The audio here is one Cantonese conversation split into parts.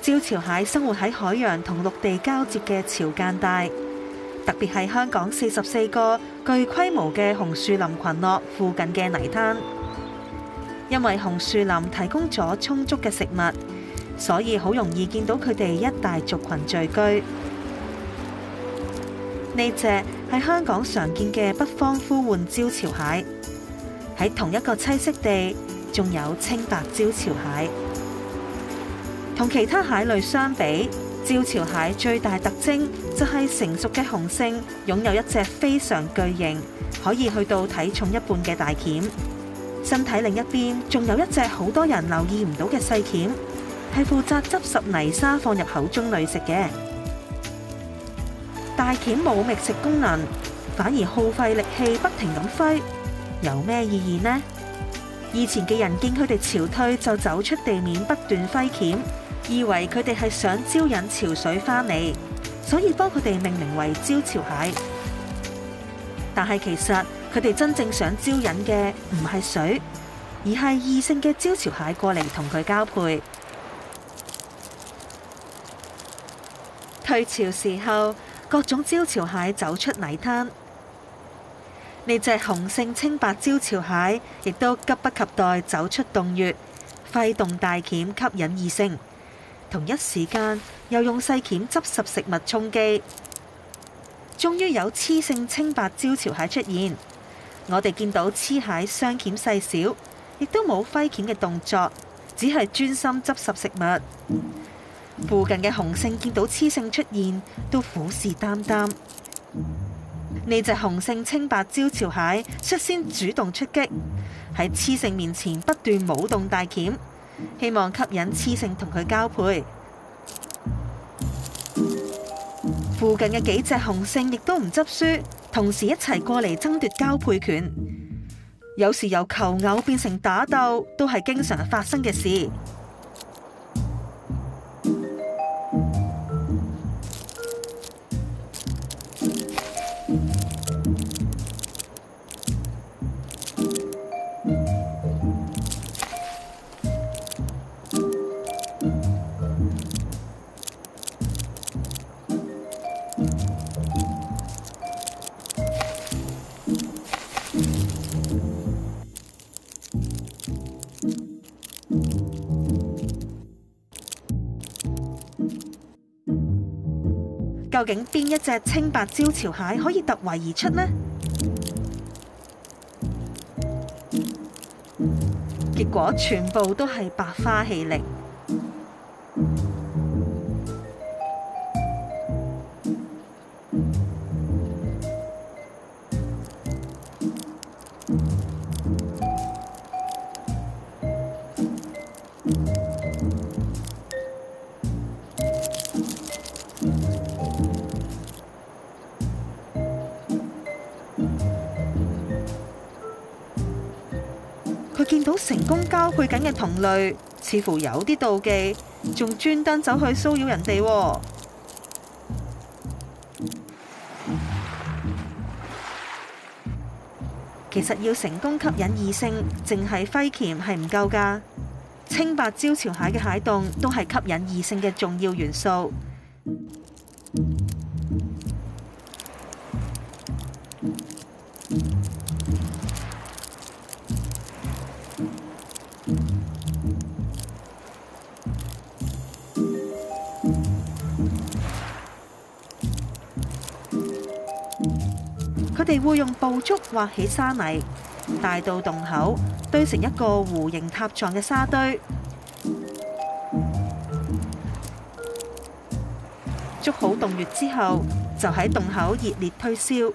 招潮蟹生活喺海洋同陸地交接嘅潮間帶，特別係香港四十四個具規模嘅紅樹林群落附近嘅泥灘。因為紅樹林提供咗充足嘅食物，所以好容易見到佢哋一大族群聚居。呢隻係香港常見嘅北方呼喚招潮蟹，喺同一個棲息地，仲有清白招潮蟹。同其他蟹類相比，招潮蟹最大特徵就係、是、成熟嘅雄性擁有一隻非常巨型，可以去到體重一半嘅大鉗。身體另一邊仲有一隻好多人留意唔到嘅細鉗，係負責執拾泥沙放入口中咀食嘅。大鉗冇覓食功能，反而耗費力氣不停咁揮，有咩意義呢？以前嘅人見佢哋潮退就走出地面，不斷揮鉗。以為佢哋係想招引潮水返嚟，所以幫佢哋命名為招潮蟹。但係其實佢哋真正想招引嘅唔係水，而係異性嘅招潮蟹過嚟同佢交配。退潮時候，各種招潮蟹走出泥灘。呢隻雄性清白招潮蟹亦都急不及待走出洞穴，揮動大鉗，吸引異性。同一時間，又用細鉗執拾食物充飢，終於有雌性清白招潮蟹出現。我哋見到雌蟹雙鉗細小，亦都冇揮鉗嘅動作，只係專心執拾食物。附近嘅雄性見到雌性出現，都虎視眈眈。呢隻雄性清白招潮蟹率先主動出擊，喺雌性面前不斷舞動大鉗。希望吸引雌性同佢交配，附近嘅幾隻雄性亦都唔執輸，同時一齊過嚟爭奪交配權，有時由求偶變成打鬥，都係經常發生嘅事。究竟邊一隻清白招潮蟹可以突圍而出呢？結果全部都係白花氣力。佢見到成功交配緊嘅同類，似乎有啲妒忌，仲專登走去騷擾人哋。其實要成功吸引異性，淨係揮鉗係唔夠㗎。清白招潮蟹嘅蟹洞都係吸引異性嘅重要元素。佢哋會用步足挖起沙泥。大到洞口堆成一個弧形塔狀嘅沙堆，捉好洞穴之後，就喺洞口熱烈推銷。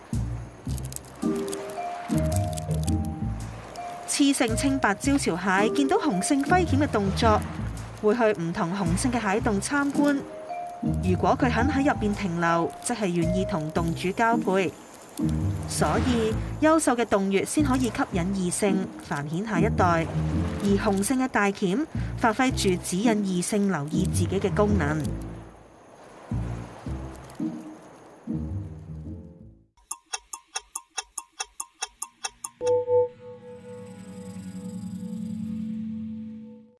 雌性清白招潮蟹見到雄性揮鉗嘅動作，會去唔同雄性嘅蟹洞參觀。如果佢肯喺入邊停留，即係願意同洞主交配。所以，優秀嘅洞穴先可以吸引異性，繁衍下一代，而雄性嘅大鉗發揮住指引異性留意自己嘅功能。